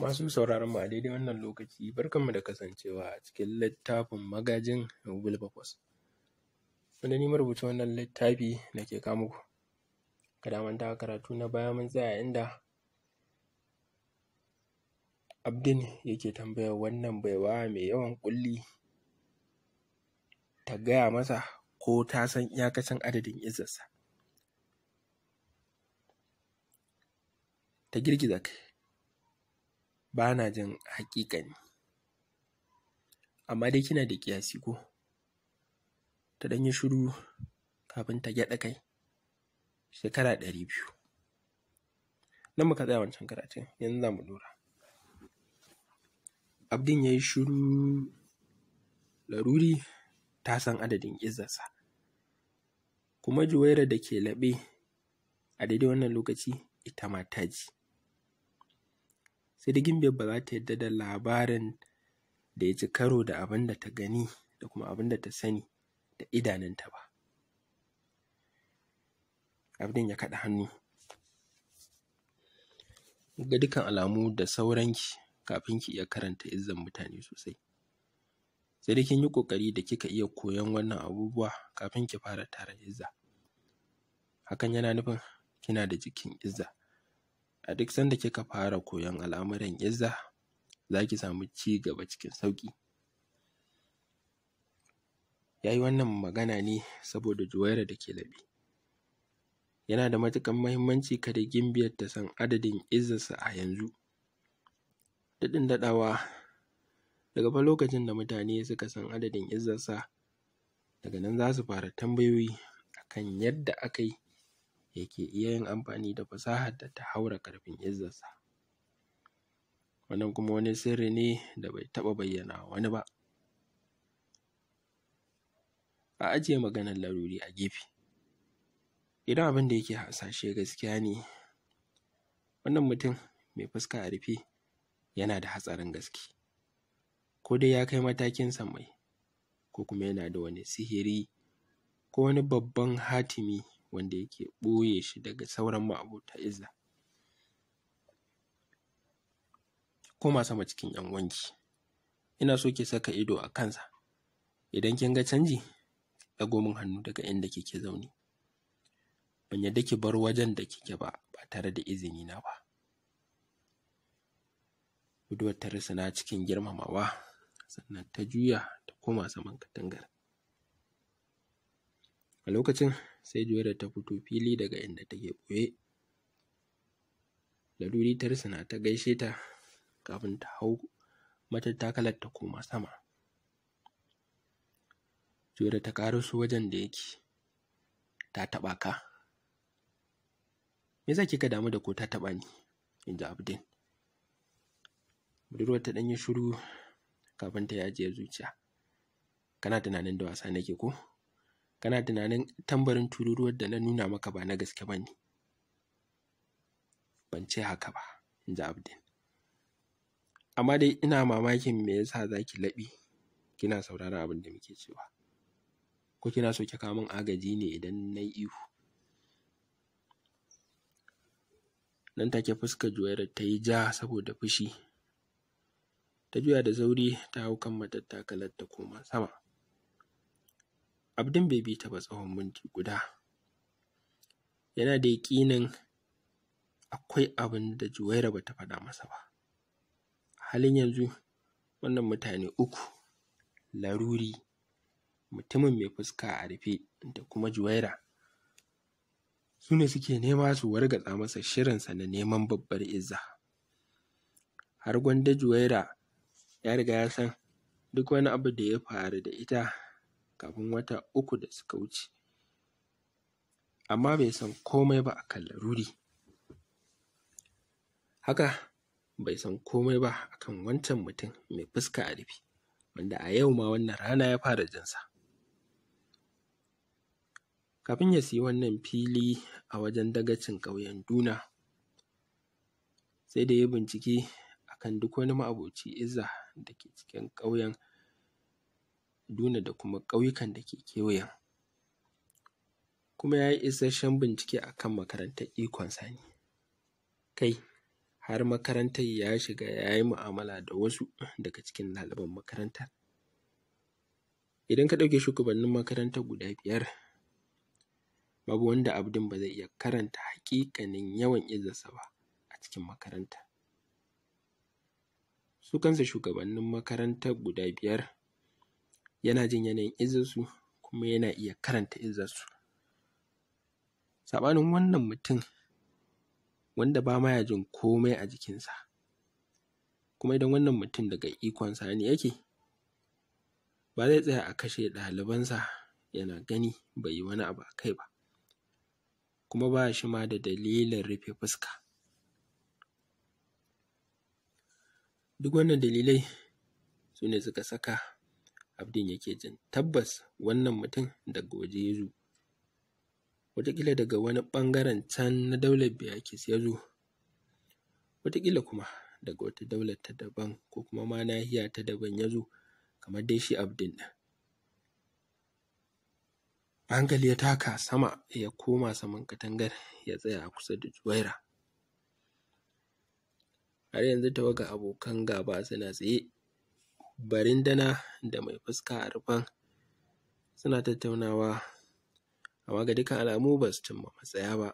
Masu sauraron mu a daidai wannan lokaci barkanmu da kasancewa a cikin littafin magajin Google+? Wilberforce. Wanda ni marubucin wannan littafi da ke kawo ku Kada ta karatu na baya mun tsaya inda Abdin yake tambaya wannan baiwa mai yawan kulli. ta gaya masa ko ta san iyakacin adadin izarsa Ta girgiza kai. ba na jin ne. amma dai kina da ƙiyasi ko ta ɗanyi shiru kafin ta gyaɗa kai shekara ɗari biyu nan muka tsaya wancan karatun yanzu za mu ɗora abdin ya yi shiru laruri ta san adadin izarsa kuma juwaira da ke laɓe a daidai wannan lokaci ita ma ta ji sai da gimbe ba za ta yarda da labarin da ya ci karo da abin da ta gani da kuma abin da ta sani da idanunta ba abin ya kaɗa hannu ga dukan alamu da sauranki kafin ki iya karanta izzan mutane sosai sai dai kin yi ƙoƙari da kika iya koyon wannan abubuwa kafin ki fara tara izza hakan yana nufin kina da jikin izza a duk sanda kika fara koyon al'amuran izza za ki samu ci gaba cikin sauƙi ya yi wannan magana ne saboda juwaira da ke laɓe yana da matuƙar mahimmanci kada gimbiyar ta san adadin izzarsa a yanzu daɗin daɗawa daga fa lokacin da mutane suka san adadin izzarsa daga nan za su fara tambayoyi akan yadda aka yi yake iya yin amfani da fasahar da ta haura ƙarfin izzarsa. Wannan kuma wani sirri ne da bai taɓa bayyana wani ba. A ajiye maganar laruri a gefe. Idan abin da yake hasashe gaskiya ne, wannan mutum mai fuska a rufe yana da hatsarin gaske. Ko dai ya kai matakin sammai, ko kuma yana da wani sihiri ko wani babban hatimi wanda yake ɓoye shi daga sauran ma'abota izza koma sama cikin yan wanki ina so ke saka ido a kansa idan kin ga canji ɗago min hannu daga inda kike zaune ban yadda ki bar wajen da kike ba ba tare da izini na ba budurwar ta na cikin girmamawa sannan ta juya ta koma saman katangar a lokacin sai Juwaira ta fito fili daga inda take ɓoye. Laduri ta na ta gaishe ta kafin ta hau matattakalar ta koma sama. Juwaira ta su wajen da yake ta taɓa ka. Me yasa kika damu da ko ta taɓa ni? in ji Abdin. Budurwar ta ɗan yi shiru kafin ta yaje zuciya. Kana tunanin da wasa nake ko? kana tunanin tambarin tururuwar da na nuna maka ba na gaske ba ne ban ce haka ba in ji abdin amma dai ina mamakin me yasa za ki laɓi kina sauraron abin da muke cewa ko kina so ki kawo min agaji ne idan na yi ihu nan take fuskar juwayar ta yi ja saboda fushi ta juya da sauri ta hau kan matattakalar ta koma sama abdin bai bi ta ba tsawon minti guda yana da yaƙinin akwai abin da juwaira bata faɗa masa ba halin yanzu wannan mutane uku laruri mutumin mai fuska a rufe da kuma juwaira su ne suke nema su wargatsa masa shirinsa na neman babbar izza har gwanda juwaira ya riga ya san duk wani abu da ya faru da ita kafin wata uku da suka wuce amma bai san komai ba a akan laruri haka bai san komai ba akan wancan mutum mai fuska a rufe wanda a yau ma wannan rana ya fara jinsa kafin ya siyi wannan fili a wajen dagacin ƙauyen duna sai da ya bincike akan duk wani ma'aboci izza da ke cikin ƙauyen Duna da kuma ƙauyukan da ke kewayen. Kuma ya yi isasshen bincike a kan makarantar Ikon Sani. Kai, har makarantar ya shiga ya yi mu'amala da wasu daga cikin ɗaliban makarantar. Idan ka ɗauke shugabannin makarantar guda biyar, babu wanda Abdin ba zai iya karanta haƙiƙanin yawan izarsa ba a cikin makarantar. Su kansa shugabannin makarantar guda biyar yana jin yanayin izinsu kuma yana iya karanta izinsu. saɓanin wannan mutum wanda ba ma ya jin komai a jikinsa kuma idan wannan mutum daga ikonsa ne yake ba zai tsaya a kashe ɗalibansa yana gani bai yi wani abu a kai ba kuma ba shi ma da dalilin rufe fuska duk wannan dalilai su ne suka saka Abdin yake jin tabbas wannan mutum daga waje ya zo. Wataƙila daga wani ɓangaren can na daular Biyakis ya zo, wataƙila kuma daga wata daular ta daban ko kuma ma nahiya ta daban ya zo kamar dai shi Abdin ɗin. hankali ya taka sama ya koma saman katangar ya tsaya a kusa da Juwaira. Har yanzu tawaga abokan gaba suna tsaye barindana da mai fuska a rufen suna tattaunawa amma ga dukkan alamu ba su cimma matsaya ba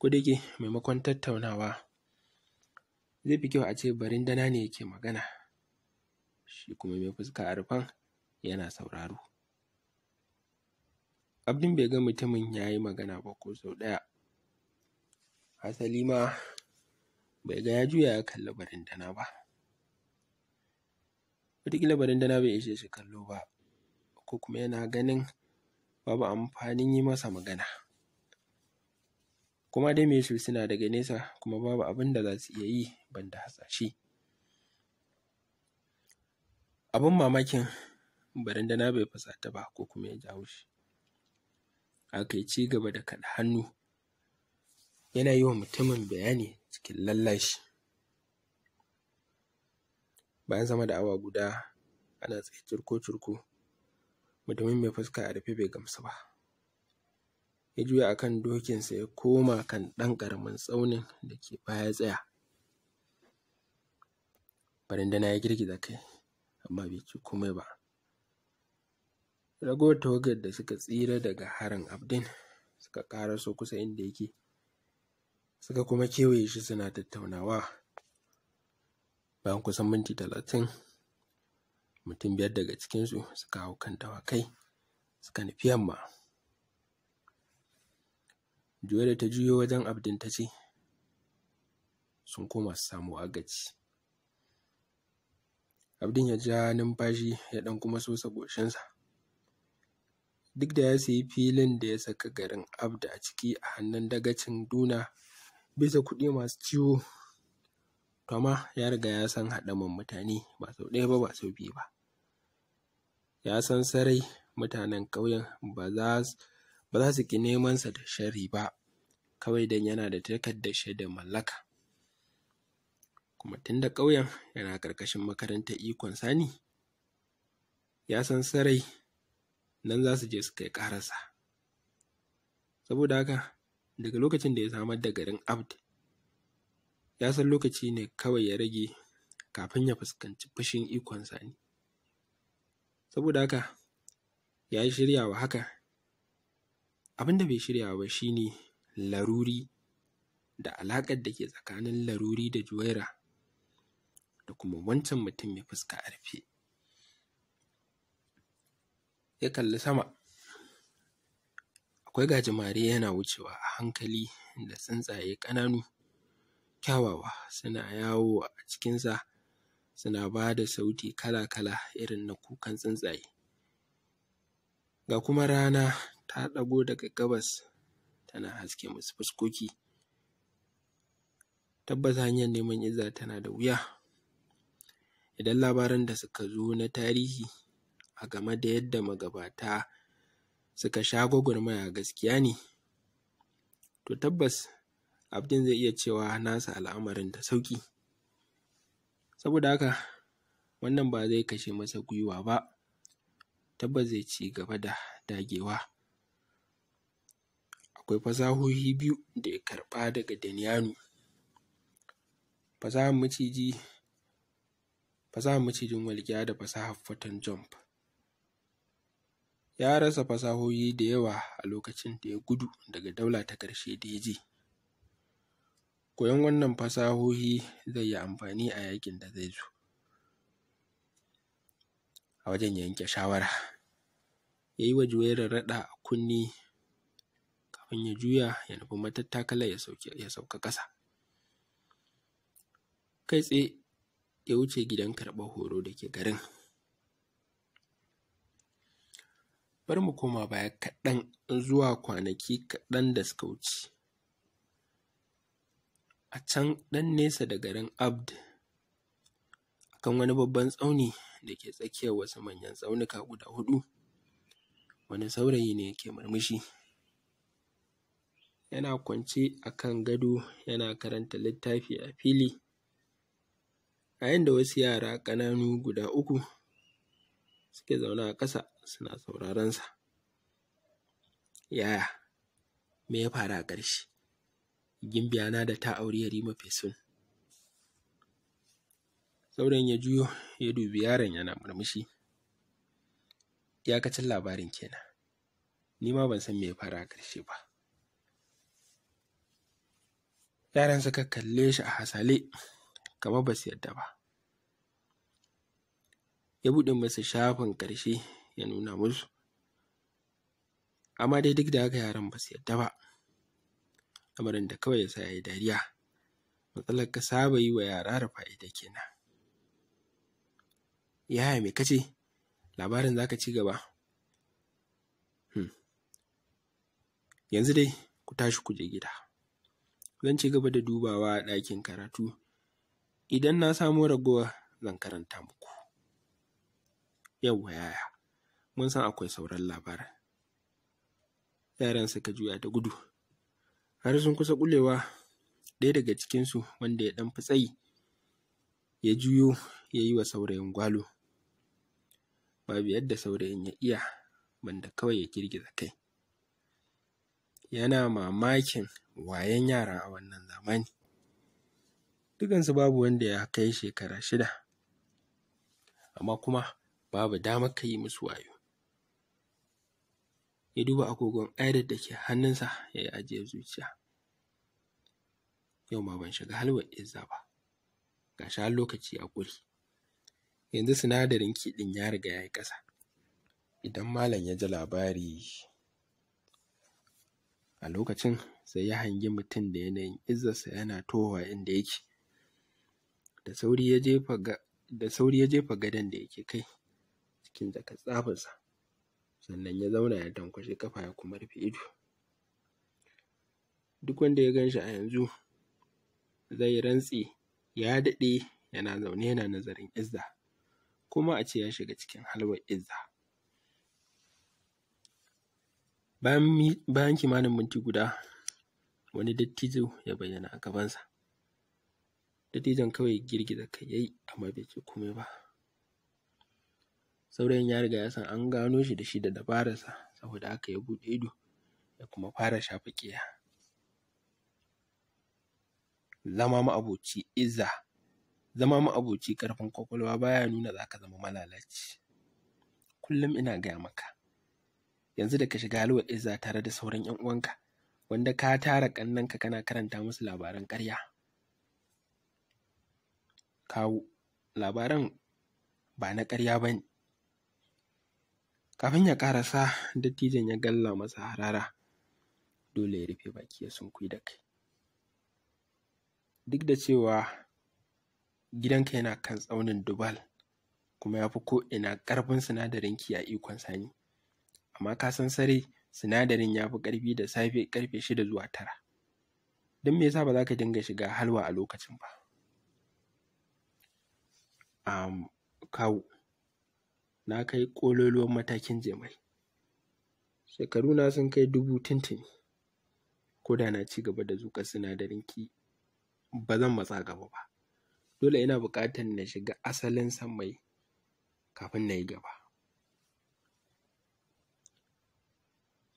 kudige maimakon tattaunawa zai fi kyau a ce barindana ne yake magana shi kuma mai fuska a rufen yana sauraro abdin bai ga mutumin ya yi magana ba ko sau ɗaya asali ma bai ga ya juya ya kalli barindana ba wataƙila barandana bai ishe shi kallo ba ko kuma yana ganin babu amfanin yi masa magana kuma dai me su suna daga nesa kuma babu abin da za su iya yi banda hasashe abin mamakin barandana bai fusata ba ko kuma ya jawo shi aka yi ci gaba da kaɗa hannu yana yi wa mutumin bayani cikin lallashi bayan sama da awa guda ana tsaye curko-curko mutumin mai fuska a rufe bai gamsu ba ya juya a kan dokinsa ya koma kan ɗan ƙaramin tsaunin da ke baya tsaya barandana ya girgiza kai amma bai ci komai ba ragowar tawagar da suka tsira daga harin abdin suka ƙaraso kusa inda yake suka kuma kewaye shi suna tattaunawa bayan kusan minti talatin mutum biyar daga cikinsu suka hau kan dawakai suka nufi yamma da ta juyo wajen abdin ta ce sun koma su samu agaji abdin ya ja numfashi ya ɗan kuma sosa goshinsa duk da ya sayi filin da ya saka garin abda a ciki a hannun dagacin duna bisa kuɗi masu ciwo to amma ya riga ya san haɗaman mutane ba sau ɗaya ba ba sau biyu ba ya san sarai mutanen ƙauyen ba za su ƙi nemansa da sharri ba kawai dan yana da takardar shaidar mallaka kuma tun da ƙauyen yana ƙarƙashin makarantar ikon sani ya san sarai nan za su je su kai ƙararsa saboda haka daga lokacin da ya samar da garin abd ya san lokaci ne kawai ya rage kafin ya fuskanci fushin ikon Sani. Saboda haka, ya yi shiryawa haka, abin da bai shiryawa ba shi ne laruri da alaƙar da ke tsakanin laruri da juwaira da kuma wancan mutum mai fuska a rufe. Ya kalli sama, akwai gajimare yana wucewa a hankali da tsuntsaye ƙananu. kyawawa suna yawo a cikinsa suna ba da sauti kala-kala irin na kukan tsuntsaye. Ga kuma rana ta ɗago daga gabas tana haske musu fuskoki. Tabbas hanyar neman iza tana da wuya. Idan labaran da suka zo na tarihi a game da yadda magabata suka sha gwagwarmaya gaskiya ne, to tabbas abdin zai iya cewa nasa al'amarin ta sauki saboda haka wannan ba zai kashe masa gwiwa ba tabbas zai ci gaba da dagewa akwai fasahohi biyu da ya karɓa daga Daniyanu fasahar macijin walƙiya da fasahar fatan Jump ya rasa fasahohi da yawa a lokacin da ya gudu daga daula ta ƙarshe da ya je Koyon wannan fasahohi zai yi amfani a yakin da zai zo a wajen yanke shawara. Ya yi wa Juwairu raɗa a kunne kafin ya juya ya nufi matattakala ya sauka ƙasa. Kai tsaye ya wuce gidan karɓar horo da ke garin. Bar mu koma baya kaɗan zuwa kwanaki kaɗan da suka wuce. a can ɗan nesa da garin Abd, kan wani babban tsauni da ke tsakiyar wasu manyan tsaunuka guda hudu, wani saurayi ne ke murmushi. Yana kwance a kan gado yana karanta littafi a fili, yayin da wasu yara ƙananu guda uku suke zaune a ƙasa suna sauraron sa. Yaya, me ya faru a ƙarshe? gimbiya na da ta auri mafi Fesun. Sauran ya juyo ya dubi yaron yana murmushi. Iyakacin labarin kenan. Ni ma ban san me ya fara karshe ba. Yaran suka kalle shi a hasale kamar ba su yadda ba. Ya buɗe masa shafin ƙarshe ya nuna musu. Amma dai duk da haka yaran ba su yadda ba. lamarin da kawai ya sa ya yi dariya matsalar ka saba yi wa yara da fa’ida kenan yaya me kace labarin zaka ci gaba hmm. yanzu dai ku tashi ku je gida zan ci gaba da dubawa a ɗakin karatu idan na samo ragowa zan karanta muku yawwa yaya mun san akwai sauran labarin yaran suka juya da gudu har sun kusa ƙulewa ɗaya daga cikinsu wanda ya ɗan fi tsayi ya juyo ya yi wa saurayin gwalo babu yadda saurayin ya iya banda kawai ya girgiza kai yana mamakin wayan yara a wannan zamani dukansu babu wanda ya kai shekara shida amma kuma babu damar ka yi musu wayo ya duba agogon idol da ke hannunsa ya yi ajiye zuciya yau ma ban shiga halwar izza ba ga shi lokaci a guri yanzu sinadarin kiɗin ya riga ya yi ƙasa idan malam ya ji labari a lokacin sai ya hangi mutum da yanayin izzarsa yana towa inda yake da sauri ya jefa gadon da yake kai cikin jakar tsafinsa sannan ya zauna ya tankwashe ƙafa ya kuma rufe ido duk wanda ya gan shi a yanzu zai rantse ya daɗe yana zaune yana nazarin izza kuma a ce ya shiga cikin halwar izza bayan kimanin minti guda wani dattijo ya bayyana a gabansa dattijon kawai girgiza kai yayi amma bai ce komai ba saurayin ya riga ya san an gano shi da shi da dabararsa saboda haka ya buɗe ido ya kuma fara shafa ƙiya zama ma'aboci iza zama ma'aboci karfin kwakwalwa baya nuna za ka zama malalaci kullum ina gaya maka yanzu da ka shiga halwa iza tare da sauran 'yan uwanka wanda ka tara ƙannanka kana karanta musu labaran ƙarya kawo labaran ba na ƙarya ba ne Kafin ya sa dattijan ya galla masa harara dole ya rufe baki ya sunkuyi da kai. Duk da cewa gidanka yana kan tsaunin Dubal kuma ya fi ko'ina ƙarfin sinadarin ki a ikon sani, amma ka san sare sinadarin ya fi ƙarfi da safe ƙarfe shida zuwa tara. Don me yasa ba za ka dinga shiga halwa a lokacin ba? Um, kawu na kai ƙololuwan matakin jemai na sun kai dubu tuntuni ko da na ci gaba da zuka sinadarin ki ba zan matsa gaba ba dole ina buƙatar na shiga asalin san mai kafin na yi gaba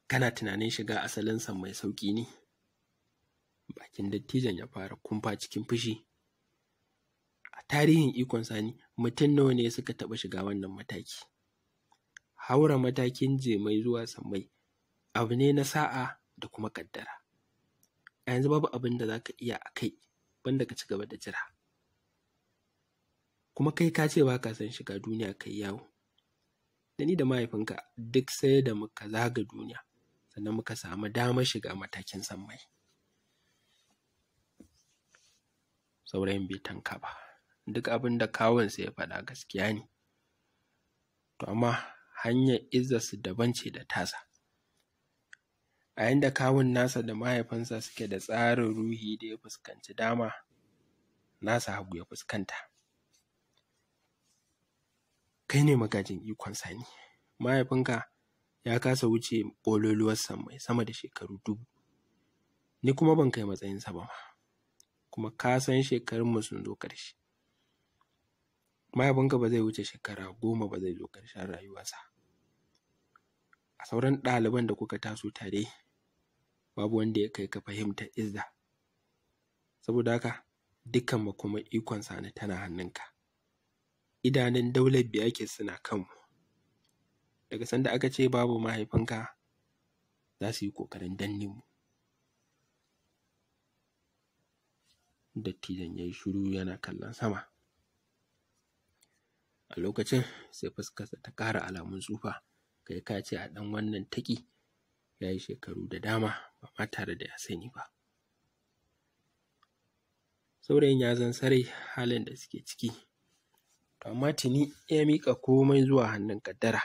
kana tunanin shiga asalin san mai sauƙi ne bakin dattijan ya fara kumfa cikin fushi tarihin ikon sani mutum nawa ne suka taɓa shiga wannan mataki haura matakin jemai zuwa samai abu ne na sa'a da kuma kaddara yanzu babu abin da za ka iya a kai banda ka ci gaba da jira kuma kai ka ce ba ka san shiga duniya kai yawo da ni da mahaifinka duk sai da muka zaga duniya sannan muka samu damar shiga matakin samai. saurayin bai tanka ba duk abin da kawunsa ya faɗa gaskiya ne to amma hanyar izzarsu daban ce da tasa a yanda kawun nasa da mahaifinsa suke da tsarin ruhi da ya fuskanci dama nasa hagu ya fuskanta kai ne magajin ikon sani mahaifinka ya kasa wuce ƙololuwarsa mai sama da shekaru dubu ni kuma ban kai matsayinsa ba ma kuma ka san shekarunmu sun zo ƙarshe mahaifinka ba zai wuce shekara goma ba zai zo ƙarshen rayuwarsa a sauran ɗaliban da kuka taso tare babu wanda ya kai ka fahimta izza saboda haka dukkan kuma ikon sani tana hannunka idanun daular ke suna kanmu daga sanda aka ce babu mahaifinka za su yi ƙoƙarin danne mu dattijan ya yi shiru yana kallon sama a lokacin sai fuskarsa ta ƙara alamun tsufa kai ka ce a ɗan wannan taƙi ya yi shekaru da dama ba ma tare da ya sani ba saurayin ya zan sarai halin da suke ciki amma tuni ya mika komai zuwa hannun kaddara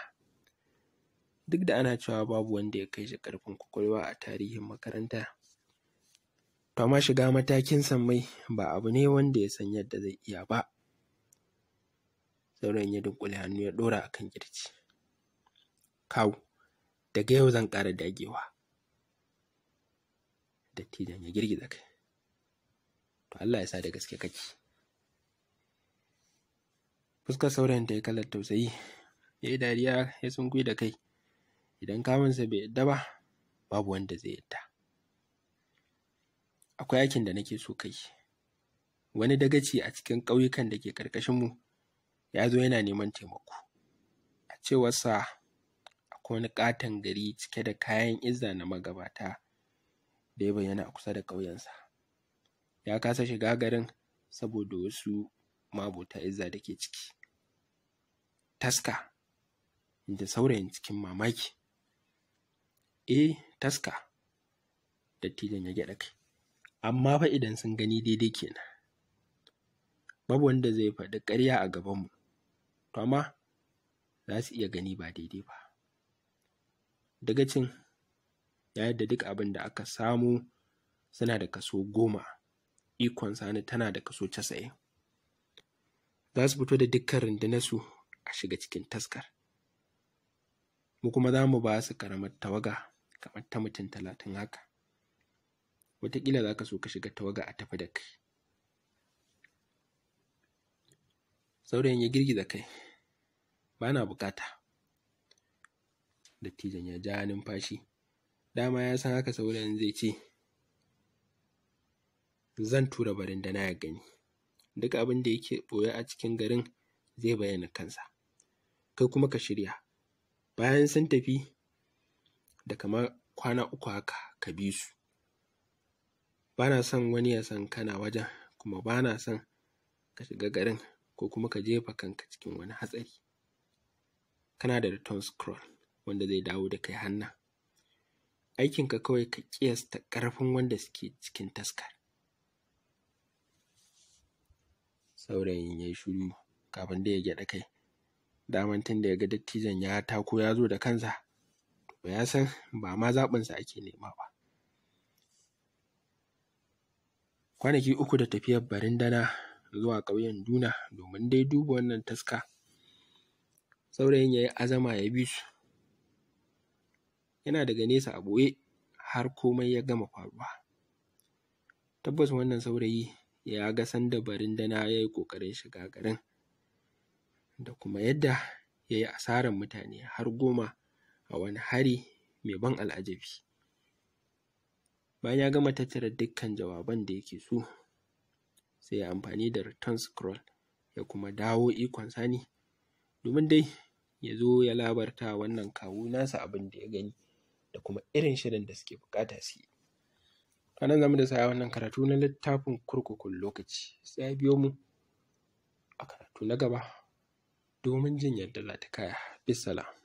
duk da ana cewa babu wanda ya kai shi ƙarfin kwakwalwa a tarihin makaranta to amma shiga matakin sammai ba abu ne wanda ya san yadda zai iya ba sauran ya dunkule hannu ya ɗora akan kan kirji kawu daga yau zan ƙara dagewa dattijan ya girgiza kai to Allah ya sa da gaske kake fuskar sauran ta yi kalar tausayi ya yi dariya ya sunkuyi da kai idan kamunsa bai yadda ba babu wanda zai yadda akwai aikin da nake so kai wani dagaci a cikin ƙauyukan da ke ƙarƙashinmu ya zo yana neman taimako a cewarsa akwai wani ƙaton gari cike da kayan izza na magabata da ya bayyana a kusa da ƙauyensa ya kasa shiga garin saboda wasu mabota izza da ke ciki taska da saurayin cikin mamaki eh taska dattijan ya gyaɗa kai amma fa idan sun gani daidai kenan babu wanda zai faɗi ƙarya a gabanmu to amma za su iya gani ba daidai ba dagacin ya yadda duk abin da aka samu suna da kaso goma ikon sani tana da kaso casa'in za su fito da dukkan rundunarsu a shiga cikin taskar mu kuma za mu ba su karamar tawaga kamar ta mutum talatin haka wataƙila za ka so ka shiga tawaga a tafi da kai Saurayin ya girgiza kai, ba na bukata. Dattijan ya ja numfashi, dama ya san haka saurayin zai ce, zan tura barin da na ya gani, duk abin da yake ɓoye a cikin garin zai bayyana kansa, kai kuma ka shirya. Bayan sun tafi da kamar kwana uku haka ka bi su. Ba na son wani ya san kana wajen, kuma ba na son ka shiga garin ko kuma ka jefa kanka cikin wani hatsari kana da return scroll wanda zai dawo da kai hanna aikinka kawai ka kiyasta ƙarfin wanda suke cikin taskar saurayin ya yi shiru kafin da ya gyaɗa kai daman tun da ya ga dattijan ya tako ya zo da kansa to ya san ba ma zaɓinsa ake nema ba kwanaki uku da tafiyar barin dana zuwa ƙauyen Duna domin dai duba wannan taska. Saurayin ya yi azama ya bi su. Yana daga nesa a ɓoye har komai ya gama faruwa. Tabbas wannan saurayi ya ga sanda barin ya yi ƙoƙarin shiga garin da kuma yadda ya yi asarar mutane har goma a wani hari mai ban al'ajabi. Bayan ya gama tattara dukkan jawaban da yake so sai ya amfani da return scroll ya kuma dawo ikon sani domin dai ya zo ya labarta wannan kawu nasa abin da ya gani da kuma irin shirin da suke bukata su yi a nan zamu da saya wannan karatu na littafin kurkukun lokaci sai ya biyo mu a karatu na gaba domin jin yadda za ta kaya bisalam